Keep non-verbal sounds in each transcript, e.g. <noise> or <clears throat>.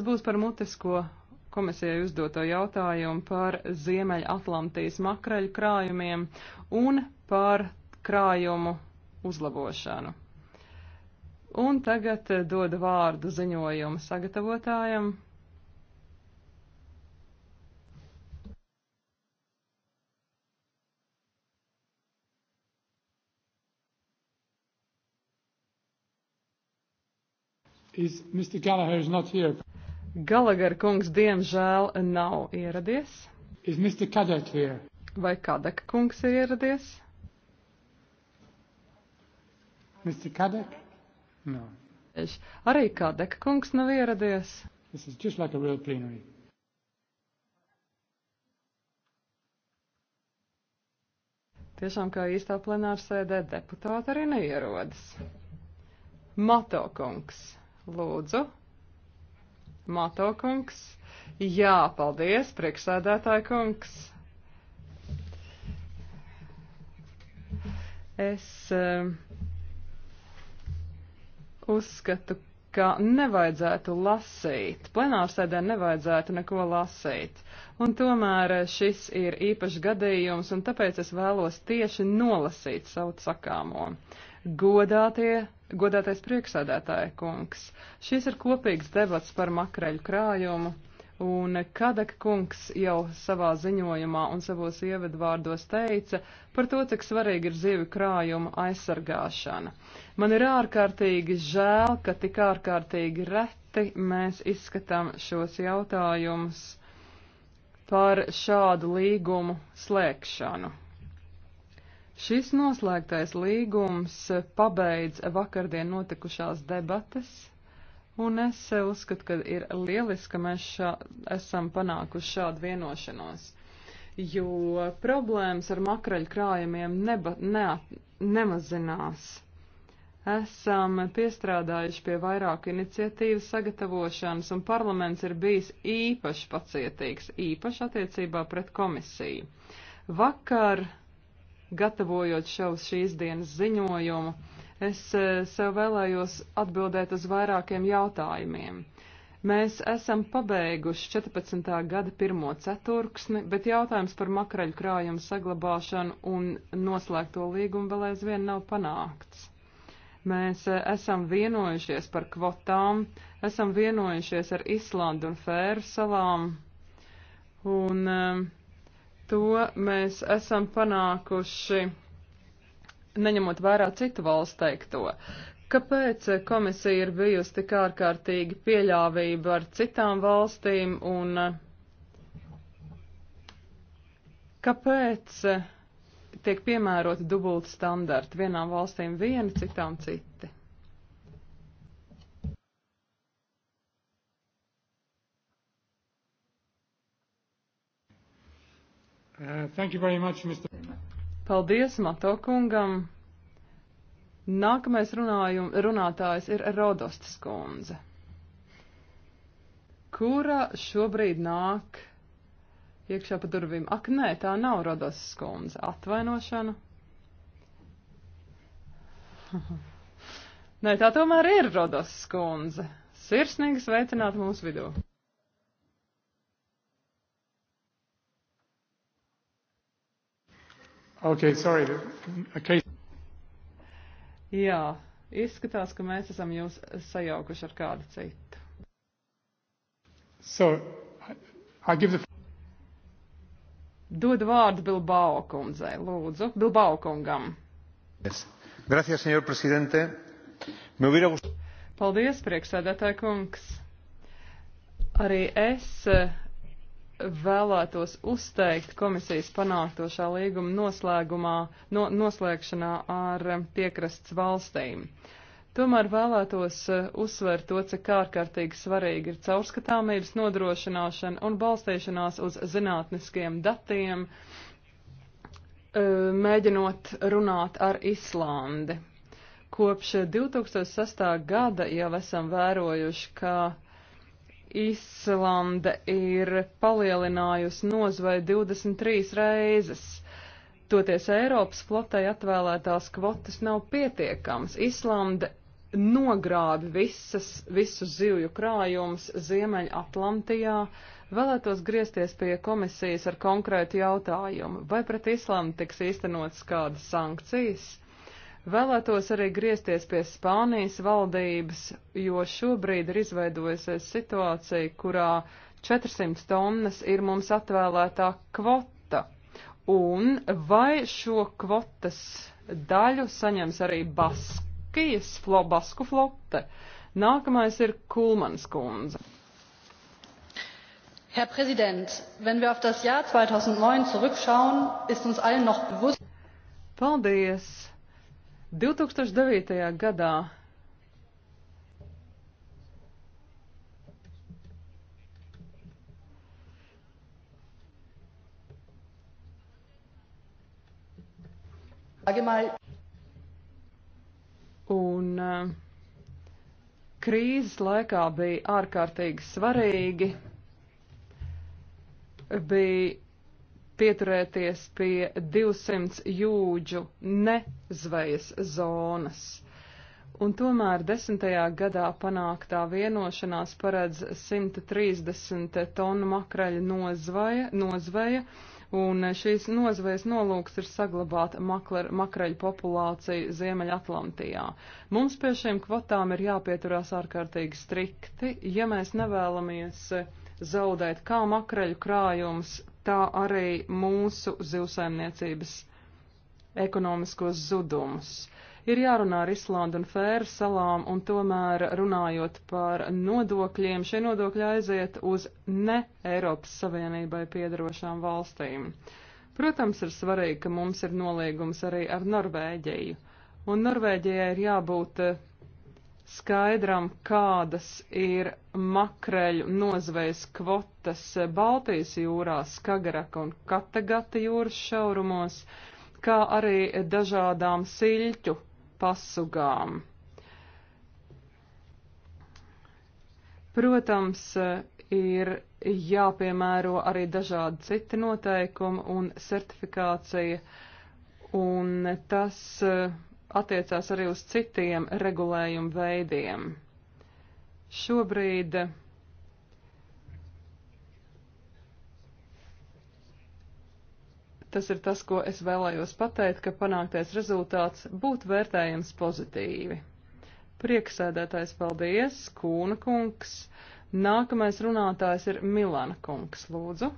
Tas būs par mutisko komisijai uzdoto jautājumu par Ziemeļatlantijas makraļu krājumiem un par krājumu uzlabošanu. Un tagad eh, dodu vārdu ziņojumu sagatavotājam. Is Mr. Gallagher is not here. Galagar kungs diemžēl nav ieradies. Vai Kadek kungs ir ieradies? Mr. Kadek? No. Arī Kadek kungs nav ieradies. This is just like a real plenary. Tiešām kā īstā plenāra sēdē deputāti arī neierodas. Mato kungs, lūdzu. Mato kungs. Jā, paldies, priekšsēdētāja kungs. Es um, uzskatu, ka nevajadzētu lasīt, plenārsēdē nevajadzētu neko lasīt. Un tomēr šis ir īpašs gadījums, un tāpēc es vēlos tieši nolasīt savu sakāmo. Godātie Godātais priekšsādātāja kungs, šīs ir kopīgs debats par makreļu krājumu, un Kadaka kungs jau savā ziņojumā un savos ievedvārdos teica par to, cik svarīgi ir zivju krājuma aizsargāšana. Man ir ārkārtīgi žēl, ka tik ārkārtīgi reti mēs izskatām šos jautājumus par šādu līgumu slēgšanu. Šis noslēgtais līgums pabeidz vakardien notikušās debates, un es uzskatu, ka ir lieliski, ka mēs šā, esam panākuši šādu vienošanos, jo problēmas ar makraļu krājumiem neba, ne, nemazinās. Esam piestrādājuši pie vairāku iniciatīvu sagatavošanas, un parlaments ir bijis īpaši pacietīgs, īpaši attiecībā pret komisiju. Vakar gatavojot šo šīs dienas ziņojumu, es e, sev vēlējos atbildēt uz vairākiem jautājumiem. Mēs esam pabeiguši 14. gada pirmo ceturksni, bet jautājums par makraļu krājumu saglabāšanu un noslēgto līgumu vēl aizvien nav panākts. Mēs e, esam vienojušies par kvotām, esam vienojušies ar Islandu un Fēru salām, un uh, to mēs esam panākuši, neņemot vērā citu valstu teikto. Kāpēc komisija ir bijusi tik ārkārtīgi pieļāvība ar citām valstīm un kāpēc tiek piemēroti dubulti standarti vienām valstīm viena, citām citi? Uh, much, Paldies Mato kungam. Nākamais runājum, runātājs ir Rodostas kundze, kura šobrīd nāk iekšā pa durvīm. Ak, nē, tā nav Rodostas kundze. Atvainošana. <laughs> nē, tā tomēr ir Rodostas kundze. Sirsnīgi sveicināt mūsu vidū. Okay, sorry. Okay. Jā, izskatās, ka mēs esam jūs sajaukuši ar kādu citu. So, I give the... Dod vārdu Bilbao kundzei, lūdzu, Bilbao kungam. Yes. Gracias, señor presidente. Me hubiera gustado. Paldies, priekšsēdētāji kungs. Arī es vēlētos uzteikt komisijas panāktošā līguma noslēgumā, no, noslēgšanā ar um, piekrasts valstīm. Tomēr vēlētos uh, uzsvērt to, cik ārkārtīgi svarīgi ir caurskatāmības nodrošināšana un balstīšanās uz zinātniskiem datiem, uh, mēģinot runāt ar Islandi. Kopš 2006. Uh, gada jau esam vērojuši, ka Islande ir palielinājusi nozvai 23 reizes. Toties Eiropas flotei atvēlētās kvotas nav pietiekams. Islande nogrābi visas, visus zivju krājumus Ziemeļatlantijā, vēlētos griezties pie komisijas ar konkrētu jautājumu, vai pret Islandu tiks īstenotas kādas sankcijas? Vēlētos arī griezties pie Spānijas valdības, jo šobrīd ir izveidojusies situācija, kurā 400 tonnas ir mums atvēlētā kvota. Un vai šo kvotas daļu saņems arī Baskijas flo, Basku flote? Nākamais ir Kulmans kundze. Herr Präsident, wenn wir auf das Jahr 2009 zurückschauen, ist uns allen noch bewusst. Paldies! 2009. gadā Un uh, krīzes laikā bija ārkārtīgi svarīgi, bija pieturēties pie 200 jūdžu nezvejas zonas. Un tomēr desmitajā gadā panāktā vienošanās paredz 130 tonu makraļa nozvaja, nozveja, un šīs nozvejas nolūks ir saglabāt makler, makraļu populāciju Ziemeļatlantijā. Mums pie šiem kvotām ir jāpieturās ārkārtīgi strikti, ja mēs nevēlamies zaudēt kā makraļu krājums, tā arī mūsu zivsaimniecības ekonomiskos zudumus. Ir jārunā ar Islandu un Fēru salām, un tomēr runājot par nodokļiem, šie nodokļi aiziet uz ne Eiropas Savienībai piedarošām valstīm. Protams, ir svarīgi, ka mums ir noliegums arī ar Norvēģiju, un Norvēģijai ir jābūt skaidram, kādas ir makreļu nozvejas kvotas Baltijas jūrā, Skagaraka un Katagata jūras šaurumos, kā arī dažādām siļķu pasugām. Protams, ir jāpiemēro arī dažādi citi noteikumi un certifikācija, un tas uh, attiecās arī uz citiem regulējumu veidiem. Šobrīd tas ir tas, ko es vēlējos pateikt, ka panāktais rezultāts būtu vērtējams pozitīvi. Prieksēdētājs paldies, Kūna kungs. Nākamais runātājs ir Milana kungs, lūdzu.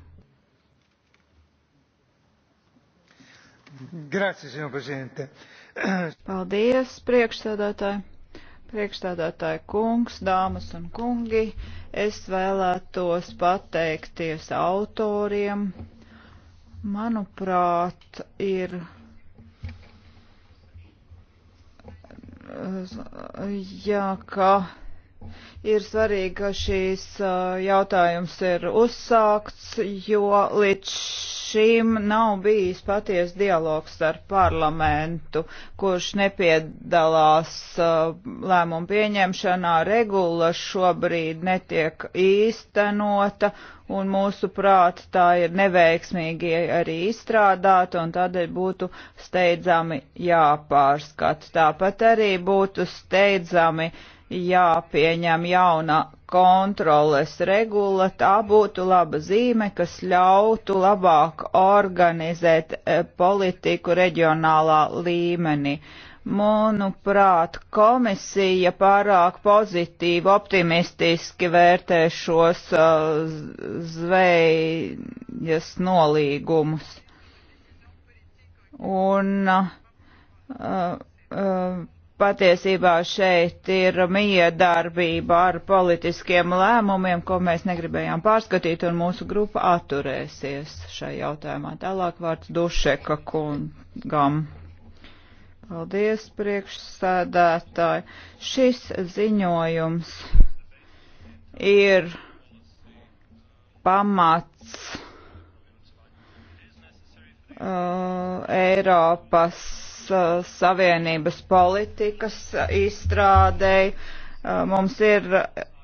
Grazie, signor Presidente. Uh, <clears throat> Paldies, priekšstādātāji! Priekšstādātāji kungs, dāmas un kungi, es vēlētos pateikties autoriem. Manuprāt, ir jā, ka ir svarīgi, ka šīs jautājums ir uzsākts, jo līdz šim nav bijis paties dialogs ar parlamentu, kurš nepiedalās uh, lēmumu pieņemšanā, regula šobrīd netiek īstenota, un mūsu prāt tā ir neveiksmīgi arī izstrādāta, un tādēļ būtu steidzami jāpārskata. Tāpat arī būtu steidzami uh, jāpieņem jauna kontroles regula, tā būtu laba zīme, kas ļautu labāk organizēt e, politiku reģionālā līmenī. Manuprāt, komisija pārāk pozitīvi, optimistiski vērtē šos e, zvejas nolīgumus. Un uh, uh, patiesībā šeit ir miedarbība ar politiskiem lēmumiem, ko mēs negribējām pārskatīt, un mūsu grupa atturēsies šai jautājumā. Tālāk vārds Dušeka kungam. Paldies, priekšsēdētāji. Šis ziņojums ir pamats uh, Eiropas Uh, Savienības politikas izstrādēji. Uh, mums ir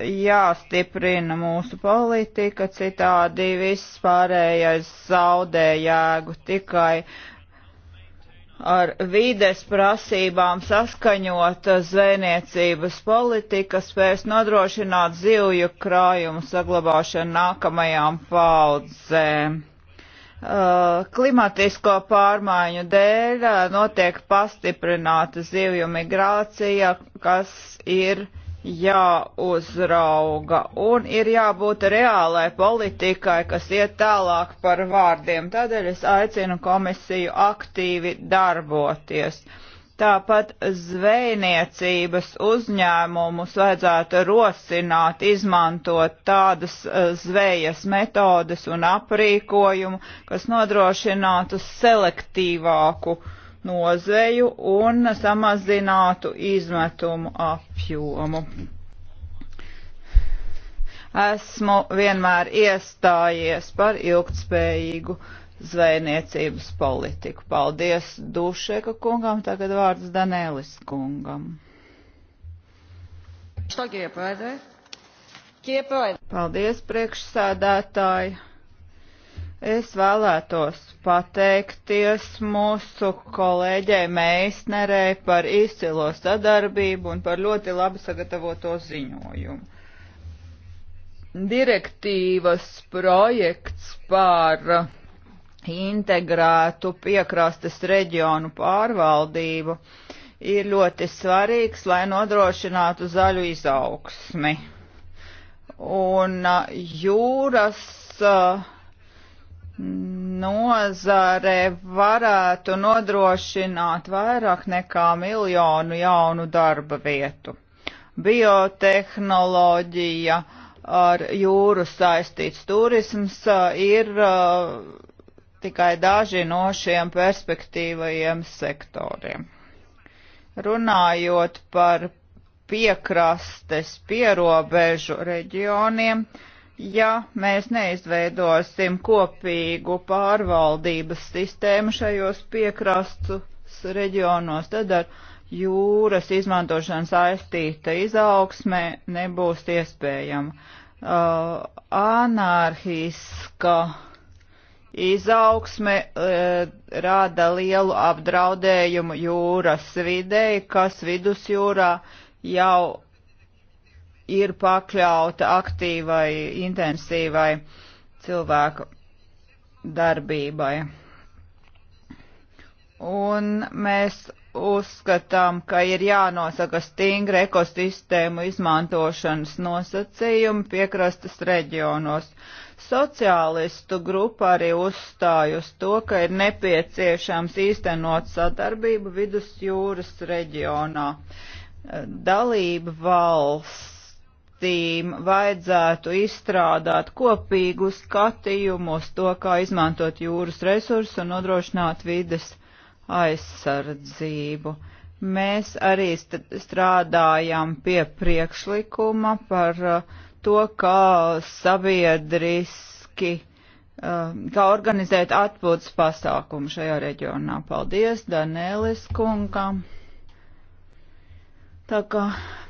jāstiprina mūsu politika, citādi viss pārējais zaudē jēgu tikai ar vides prasībām saskaņot zvejniecības politika spēs nodrošināt zivju krājumu saglabāšanu nākamajām paudzēm. Uh, klimatisko pārmaiņu dēļ uh, notiek pastiprināta zivju migrācija, kas ir jāuzrauga un ir jābūt reālai politikai, kas iet tālāk par vārdiem. Tādēļ es aicinu komisiju aktīvi darboties. Uh, Tāpat zvejniecības uzņēmumus vajadzētu rosināt, izmantot tādas e, zvejas metodes un aprīkojumu, kas nodrošinātu selektīvāku nozveju un samazinātu izmetumu apjomu. Esmu vienmēr iestājies par ilgtspējīgu zvejniecības politiku. Paldies Dušeka kungam, tagad vārds Danēlis kungam. Paldies, priekšsēdētāji! Es vēlētos pateikties mūsu kolēģei Meisnerei par izcilo sadarbību un par ļoti labi sagatavoto ziņojumu. Direktīvas projekts par integrētu piekrastes reģionu pārvaldību ir ļoti svarīgs, lai nodrošinātu zaļu izaugsmi. Un jūras nozare varētu nodrošināt vairāk nekā miljonu jaunu darba vietu. Biotehnoloģija ar jūru saistīts turisms ir uh, tikai daži no šiem perspektīvajiem sektoriem. Runājot par piekrastes pierobežu reģioniem, ja mēs neizveidosim kopīgu pārvaldības sistēmu šajos piekrastus reģionos, tad ar jūras izmantošana saistīta izaugsme nebūs iespējama. Uh, anarhiska Izaugsme e, rada lielu apdraudējumu jūras videi, kas vidusjūrā jau ir pakļauta aktīvai, intensīvai cilvēku darbībai. Un mēs uzskatām, ka ir jānosaka stingri ekosistēmu izmantošanas nosacījumi piekrastas reģionos. Sociālistu grupa arī uzstāj uz to, ka ir nepieciešams īstenot sadarbību vidusjūras reģionā. Dalība valsts valstīm vajadzētu izstrādāt kopīgu skatījumu uz to, kā izmantot jūras resursus un nodrošināt vides aizsardzību. Mēs arī strādājam pie priekšlikuma par uh, to, kā sabiedriski, um, kā organizēt atpūtas pasākumu šajā reģionā. Paldies Danēlis kungam. Tā kā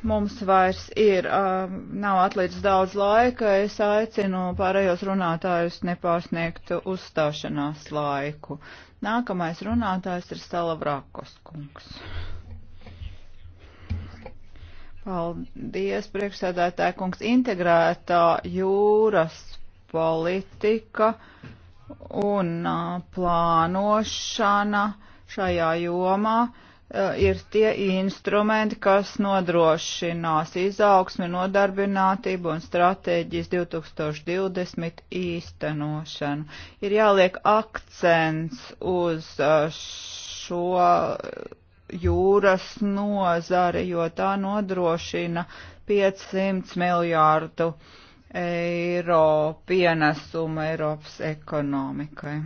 mums vairs ir, um, nav atlicis daudz laika, es aicinu pārējos runātājus nepārsniegt uzstāšanās laiku. Nākamais runātājs ir Salavrakos kungs. Paldies, priekšsēdētāja kungs. Integrētā jūras politika un plānošana šajā jomā ir tie instrumenti, kas nodrošinās izaugsmi, nodarbinātību un stratēģijas 2020 īstenošanu. Ir jāliek akcents uz šo jūras nozare, jo tā nodrošina 500 miljārdu eiro pienesumu Eiropas ekonomikai.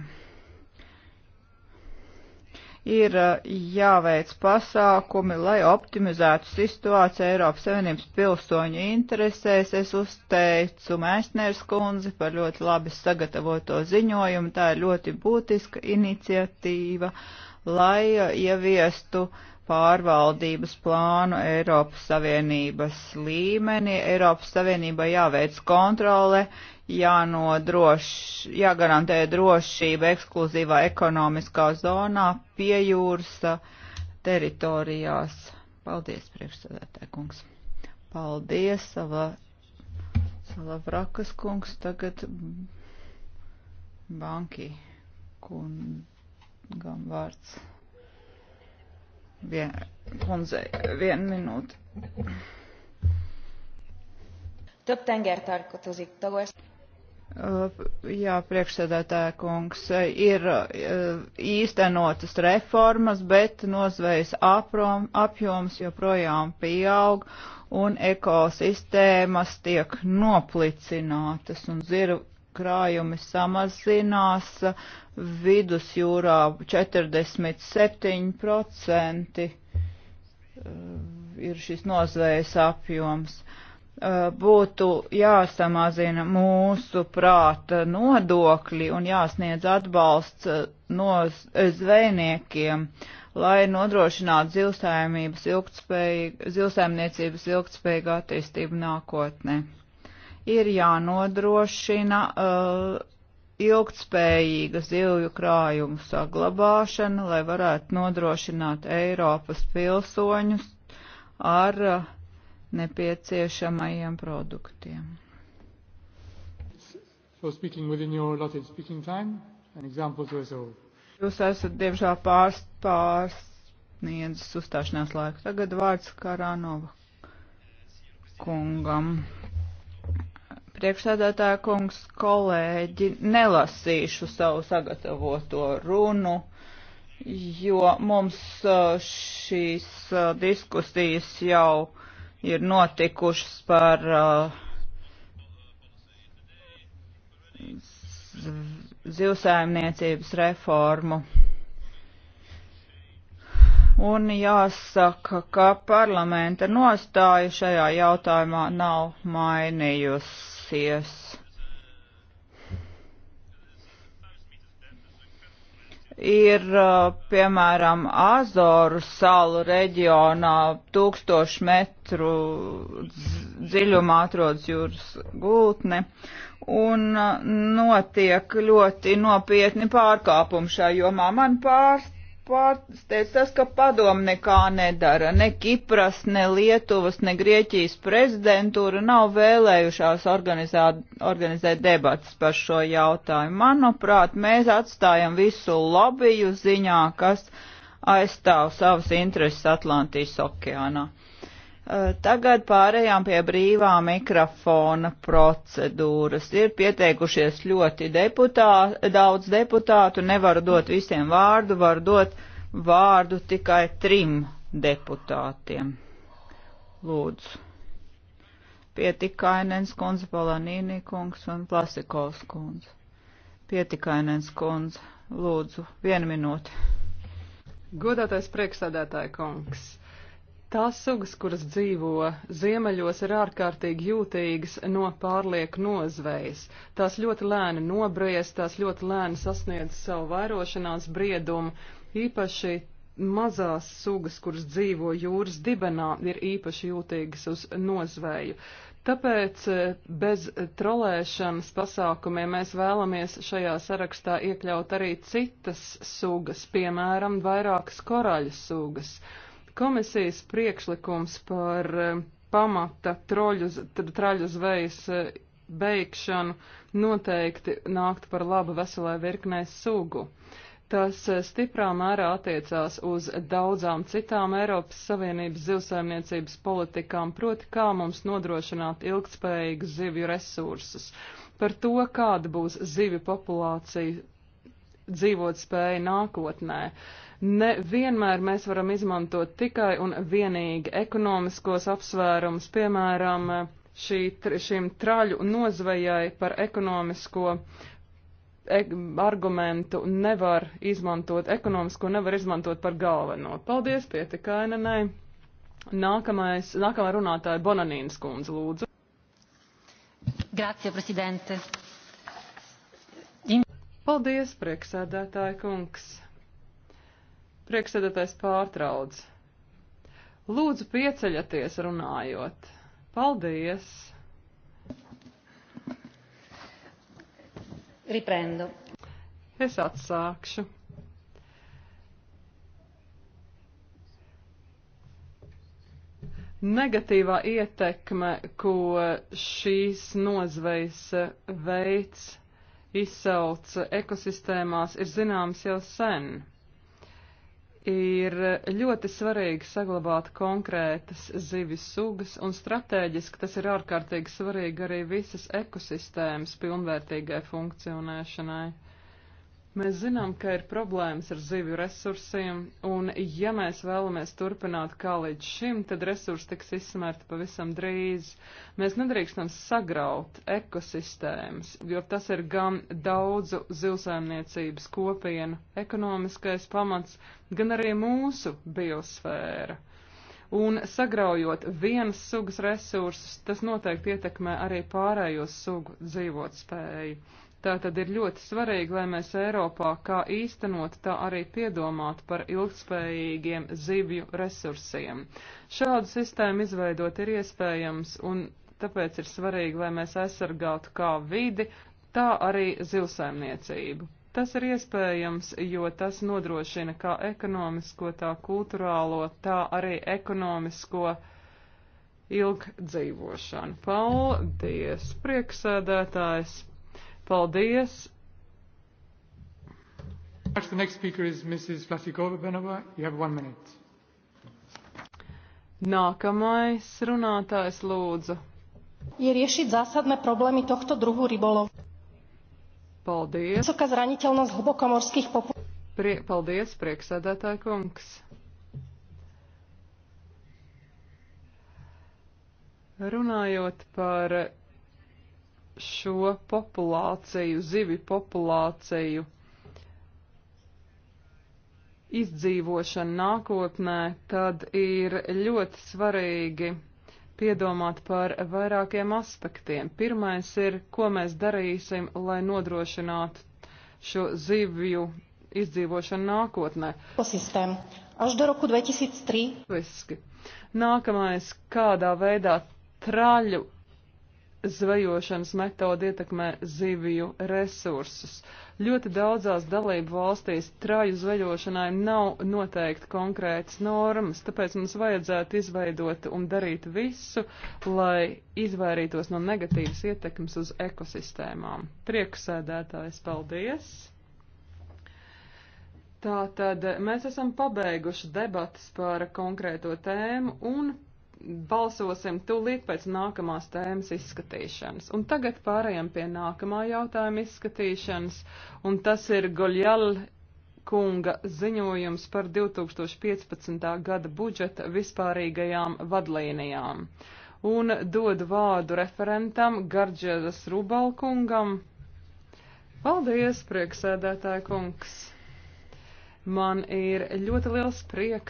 Ir eh, jāveic pasākumi, lai optimizētu situāciju Eiropas Savienības pilsoņu interesēs. Es uzteicu Mēsners kundzi par ļoti labi sagatavoto ziņojumu. Tā ir ļoti būtiska iniciatīva. Uh, lai uh, ieviestu pārvaldības plānu Eiropas Savienības līmenī. Eiropas Savienībai jāveic kontrole, jānodroš, jāgarantē drošība ekskluzīvā ekonomiskā zonā pie jūras uh, teritorijās. Paldies, priekšsēdētāj kungs. Paldies, sava, sava vrakas kungs, tagad banki kundze kungam vārds. Vien, kundzei, vien minūte. Több tenger tarkozik Dagország. Uh, jā, priekšsēdētāja kungs, ir uh, īstenotas reformas, bet nozvejas apjoms joprojām pieaug un ekosistēmas tiek noplicinātas un zirvu krājumi samazinās vidusjūrā 47% eh, ir šis nozvējas apjoms. Eh, būtu jāsamazina mūsu prāta nodokļi un jāsniedz atbalsts eh, no zvejniekiem, lai nodrošinātu zilsaimniecības ilgtspējīgu attīstību nākotnē ir jānodrošina uh, ilgtspējīga zivju krājuma saglabāšana, lai varētu nodrošināt Eiropas pilsoņus ar uh, nepieciešamajiem produktiem. So speaking within your allotted speaking time, an example to us all. Jūs esat diemžēl pārs, pārsniedzis uzstāšanās laiku. Tagad vārds Karānova kungam priekšsēdētāja kungs, kolēģi, nelasīšu savu sagatavoto runu, jo mums šīs diskusijas jau ir notikušas par zivsaimniecības reformu. Un jāsaka, ka parlamenta nostāja šajā jautājumā nav mainījusi beigusies. ir, uh, piemēram, Azoru salu reģionā tūkstošu metru dziļumā atrodas jūras gultne un uh, notiek ļoti nopietni pārkāpumi šajā jomā. Man pārst pārsteidz tas, ka padomu nekā nedara. Ne Kipras, ne Lietuvas, ne Grieķijas prezidentūra nav vēlējušās organizēt, organizēt debatas par šo jautājumu. Manuprāt, mēs atstājam visu lobiju ziņā, kas aizstāv savas intereses Atlantijas okeānā. Eh, tagad pārējām pie brīvā mikrofona procedūras. Ir pieteikušies ļoti deputā, daudz deputātu, nevaru dot visiem vārdu, varu dot vārdu tikai trim deputātiem. Lūdzu. Pietikainens kundze, Palanīnī kungs un Plasikovs kundze. Pietikainens kundze, lūdzu, vienu minūti. Godātais priekšsādātāja kungs. Tās sugas, kuras dzīvo ziemeļos, ir ārkārtīgi jūtīgas no pārlieku nozvejas. Tās ļoti lēni nobriest, tās ļoti lēni sasniedz savu vairošanās briedumu. Īpaši mazās sugas, kuras dzīvo jūras dibenā, ir īpaši jūtīgas uz nozveju. Tāpēc eh, bez trolēšanas pasākumiem mēs vēlamies šajā sarakstā iekļaut arī citas sugas, piemēram, vairākas koraļu sugas. Uh, Komisijas priekšlikums par eh, pamata troļu, traļu zvejas eh, beigšanu noteikti nākt par labu veselai virknei sugu. Tas eh, stiprā mērā attiecās uz daudzām citām Eiropas Savienības zivsaimniecības politikām, proti kā mums nodrošināt ilgtspējīgus zivju resursus, par to, kāda būs zivju populācija dzīvot spēja nākotnē. Uh, Nevienmēr mēs varam izmantot tikai un vienīgi ekonomiskos apsvērums, piemēram, šī, šim traļu nozvejai par ekonomisko e argumentu nevar izmantot, ekonomisko nevar izmantot par galveno. Paldies, Pietikainenai. Nākamais, nākamā runātāja Bonanīnas kundze, lūdzu. Grazie, prezidente. Paldies, prieksēdētāja kungs. Prieksēdētais pārtrauc. Lūdzu, pieceļaties runājot. Paldies! Riprendo. Es atsākšu. Negatīvā ietekme, ko šīs nozvejas veids izsauca ekosistēmās, ir zināms jau sen ir ļoti svarīgi saglabāt konkrētas zivis sugas, un strateģiski tas ir ārkārtīgi svarīgi arī visas ekosistēmas pilnvērtīgai funkcionēšanai. Mēs zinām, ka ir problēmas ar zivju resursiem, un ja mēs vēlamies turpināt kā līdz šim, tad resursi tiks izsmērti pavisam drīz. Mēs nedrīkstam sagraut ekosistēmas, jo tas ir gan daudzu zivsaimniecības kopienu ekonomiskais pamats, gan arī mūsu biosfēra. Un sagraujot vienas sugas resursus, tas noteikti ietekmē arī pārējo sugu dzīvotspēju. Tā tad ir ļoti svarīgi, lai mēs Eiropā kā īstenot, tā arī piedomāt par ilgspējīgiem zivju resursiem. Šādu sistēmu izveidot ir iespējams, un tāpēc ir svarīgi, lai mēs aizsargātu kā vidi, tā arī zivsaimniecību. Tas ir iespējams, jo tas nodrošina kā ekonomisko, tā kulturālo, tā arī ekonomisko ilgdzīvošanu. Paldies, prieksēdētājs! Paldies! The next speaker is Mrs. Vlasikova Benova. You have one minute. Nākamais runātājs lūdzu. Je riešiť zásadné problémy tohto druhu rybolov. Paldies. Vysoká zraniteľnosť hlbokomorských populácií. Prie, paldies, prieksēdētāj kungs. Runājot par šo populāciju, zivi populāciju izdzīvošana nākotnē, tad ir ļoti svarīgi piedomāt par vairākiem aspektiem. Pirmais ir, ko mēs darīsim, lai nodrošinātu šo zivju izdzīvošanu nākotnē. Až do roku 2003. Viski. Nākamais, kādā veidā traļu zvejošanas metodi ietekmē zivju resursus. Ļoti daudzās dalību valstīs traju zvejošanai nav noteikti konkrētas normas, tāpēc mums vajadzētu izveidot un darīt visu, lai izvairītos no negatīvas ietekmes uz ekosistēmām. Prieksēdētājs, paldies! Tātad mēs esam pabeiguši debatas par konkrēto tēmu un balsosim tūlīt pēc nākamās tēmas izskatīšanas. Un tagad pārējām pie nākamā jautājuma izskatīšanas, un tas ir Goljal kunga ziņojums par 2015. gada budžeta vispārīgajām vadlīnijām. Un dodu vārdu referentam Gardžēdas Rubalkungam. Paldies, prieksēdētāja kungs! Man ir ļoti liels prieks